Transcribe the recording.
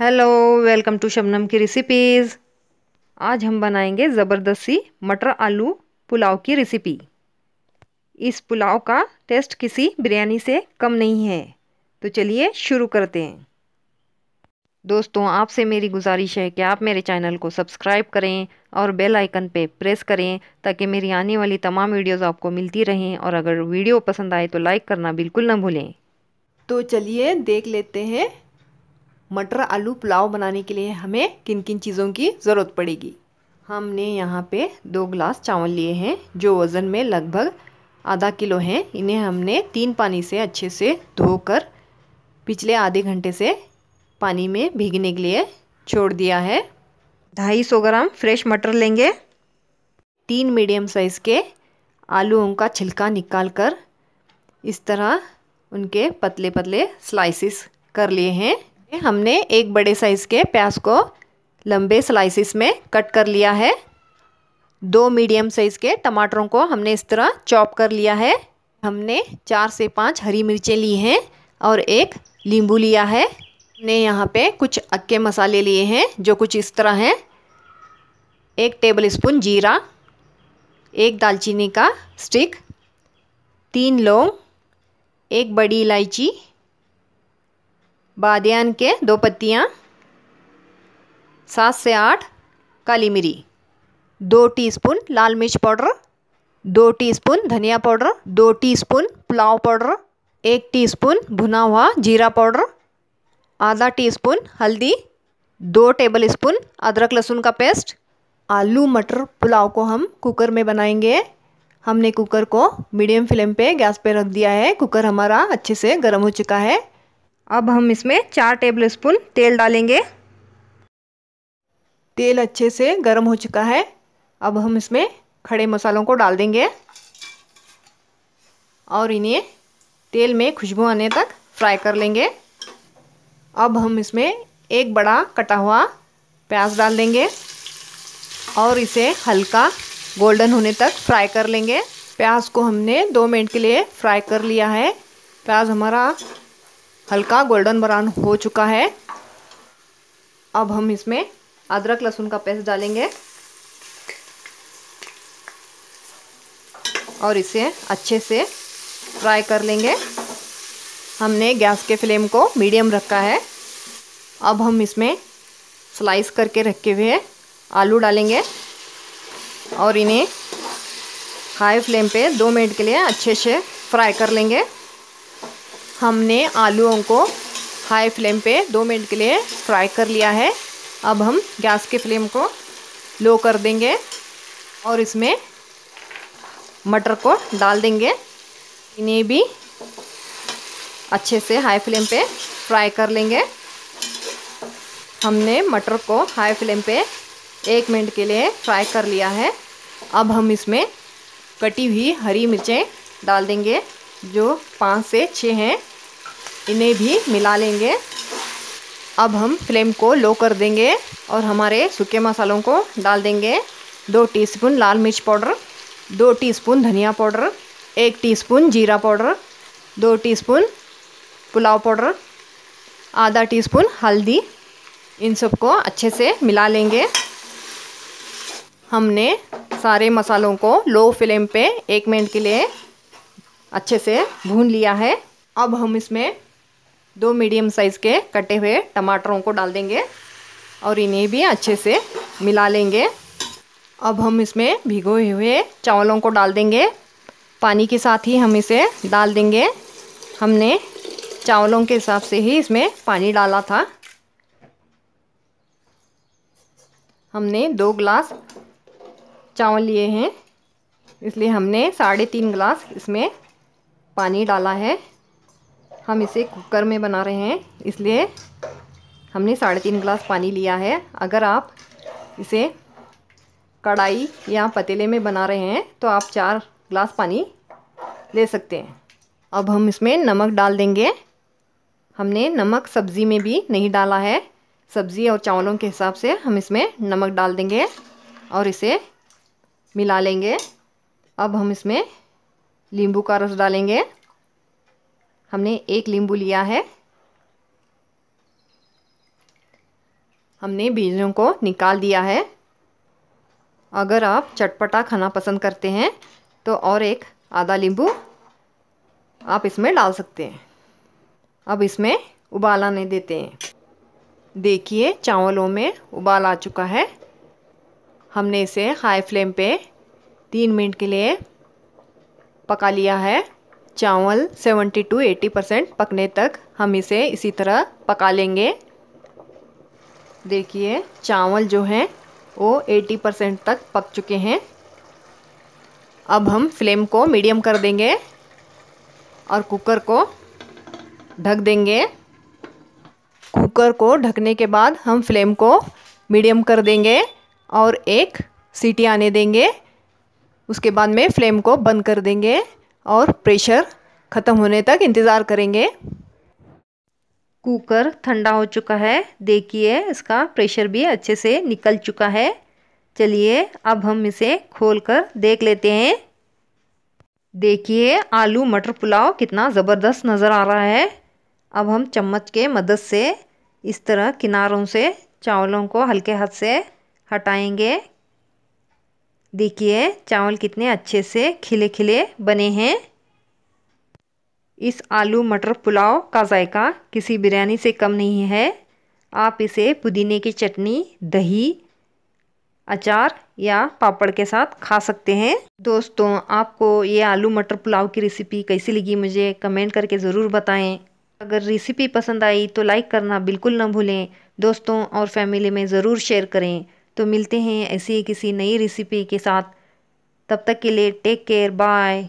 hello welcome to Shabnam की recipes आज हम बनाएंगे ज़बरदस्ती मटर आलू पुलाव की रेसिपी इस पुलाव का टेस्ट किसी बिरयानी से कम नहीं है तो चलिए शुरू करते हैं दोस्तों आपसे मेरी गुजारिश है कि आप मेरे चैनल को सब्सक्राइब करें और बेल आइकन पे प्रेस करें ताकि मेरी आने वाली तमाम वीडियोस आपको मिलती रहें और अगर वीडियो पसंद आए तो लाइक करना बिल्कुल ना भूलें तो चलिए देख लेते हैं मटर आलू पुलाव बनाने के लिए हमें किन किन चीज़ों की ज़रूरत पड़ेगी हमने यहाँ पे दो ग्लास चावल लिए हैं जो वज़न में लगभग आधा किलो हैं इन्हें हमने तीन पानी से अच्छे से धोकर पिछले आधे घंटे से पानी में भीगने के लिए छोड़ दिया है ढाई सौ ग्राम फ्रेश मटर लेंगे तीन मीडियम साइज़ के आलूओं का छिलका निकाल कर इस तरह उनके पतले पतले स्लाइसिस कर लिए हैं हमने एक बड़े साइज़ के प्याज को लंबे स्लाइसिस में कट कर लिया है दो मीडियम साइज़ के टमाटरों को हमने इस तरह चॉप कर लिया है हमने चार से पाँच हरी मिर्चें ली हैं और एक नींबू लिया है हमने यहाँ पे कुछ अक्के मसाले लिए हैं जो कुछ इस तरह हैं एक टेबल स्पून जीरा एक दालचीनी का स्टिक तीन लौंग एक बड़ी इलायची बादियान के दो पत्तियाँ सात से आठ काली मिरी दो टीस्पून लाल मिर्च पाउडर दो टीस्पून धनिया पाउडर दो टीस्पून पुलाव पाउडर एक टीस्पून भुना हुआ जीरा पाउडर आधा टीस्पून हल्दी दो टेबल स्पून अदरक लहसुन का पेस्ट आलू मटर पुलाव को हम कुकर में बनाएंगे हमने कुकर को मीडियम फ्लेम पे गैस पे रख दिया है कुकर हमारा अच्छे से गर्म हो चुका है अब हम इसमें चार टेबल स्पून तेल डालेंगे तेल अच्छे से गर्म हो चुका है अब हम इसमें खड़े मसालों को डाल देंगे और इन्हें तेल में खुशबू आने तक फ्राई कर लेंगे अब हम इसमें एक बड़ा कटा हुआ प्याज डाल देंगे और इसे हल्का गोल्डन होने तक फ्राई कर लेंगे प्याज को हमने दो मिनट के लिए फ्राई कर लिया है प्याज हमारा हल्का गोल्डन ब्राउन हो चुका है अब हम इसमें अदरक लहसुन का पेस्ट डालेंगे और इसे अच्छे से फ्राई कर लेंगे हमने गैस के फ्लेम को मीडियम रखा है अब हम इसमें स्लाइस करके रखे हुए आलू डालेंगे और इन्हें हाई फ्लेम पे दो मिनट के लिए अच्छे से फ्राई कर लेंगे हमने आलूओं को हाई फ्लेम पे दो मिनट के लिए फ्राई कर लिया है अब हम गैस के फ्लेम को लो कर देंगे और इसमें मटर को डाल देंगे इन्हें भी अच्छे से हाई फ्लेम पे फ्राई कर लेंगे हमने मटर को हाई फ्लेम पे एक मिनट के लिए फ्राई कर लिया है अब हम इसमें कटी हुई हरी मिर्चें डाल देंगे जो पाँच से छः हैं इन्हें भी मिला लेंगे अब हम फ्लेम को लो कर देंगे और हमारे सूखे मसालों को डाल देंगे दो टीस्पून लाल मिर्च पाउडर दो टीस्पून धनिया पाउडर एक टीस्पून जीरा पाउडर दो टीस्पून पुलाव पाउडर आधा टीस्पून हल्दी इन सबको अच्छे से मिला लेंगे हमने सारे मसालों को लो फ्लेम पे एक मिनट के लिए अच्छे से भून लिया है अब हम इसमें दो मीडियम साइज़ के कटे हुए टमाटरों को डाल देंगे और इन्हें भी अच्छे से मिला लेंगे अब हम इसमें भिगोए हुए चावलों को डाल देंगे पानी के साथ ही हम इसे डाल देंगे हमने चावलों के हिसाब से ही इसमें पानी डाला था हमने दो ग्लास चावल लिए हैं इसलिए हमने साढ़े तीन ग्लास इसमें पानी डाला है हम इसे कुकर में बना रहे हैं इसलिए हमने साढ़े तीन गिलास पानी लिया है अगर आप इसे कढ़ाई या पतीले में बना रहे हैं तो आप चार ग्लास पानी ले सकते हैं अब हम इसमें नमक डाल देंगे हमने नमक सब्ज़ी में भी नहीं डाला है सब्ज़ी और चावलों के हिसाब से हम इसमें नमक डाल देंगे और इसे मिला लेंगे अब हम इसमें नींबू का रस डालेंगे हमने एक नींबू लिया है हमने बीजों को निकाल दिया है अगर आप चटपटा खाना पसंद करते हैं तो और एक आधा नींबू आप इसमें डाल सकते हैं अब इसमें उबाल आने देते हैं देखिए चावलों में उबाल आ चुका है हमने इसे हाई फ्लेम पे तीन मिनट के लिए पका लिया है चावल 70 टू 80 परसेंट पकने तक हम इसे इसी तरह पका लेंगे देखिए चावल जो हैं वो 80 परसेंट तक पक चुके हैं अब हम फ्लेम को मीडियम कर देंगे और कुकर को ढक देंगे कुकर को ढकने के बाद हम फ्लेम को मीडियम कर देंगे और एक सीटी आने देंगे उसके बाद में फ्लेम को बंद कर देंगे और प्रेशर ख़त्म होने तक इंतज़ार करेंगे कुकर ठंडा हो चुका है देखिए इसका प्रेशर भी अच्छे से निकल चुका है चलिए अब हम इसे खोल कर देख लेते हैं देखिए आलू मटर पुलाव कितना ज़बरदस्त नज़र आ रहा है अब हम चम्मच के मदद से इस तरह किनारों से चावलों को हल्के हाथ से हटाएंगे देखिए चावल कितने अच्छे से खिले खिले बने हैं इस आलू मटर पुलाव का जायका किसी बिरयानी से कम नहीं है आप इसे पुदीने की चटनी दही अचार या पापड़ के साथ खा सकते हैं दोस्तों आपको ये आलू मटर पुलाव की रेसिपी कैसी लगी मुझे कमेंट करके ज़रूर बताएं अगर रेसिपी पसंद आई तो लाइक करना बिल्कुल ना भूलें दोस्तों और फैमिली में ज़रूर शेयर करें तो मिलते हैं ऐसी किसी नई रेसिपी के साथ तब तक के लिए टेक केयर बाय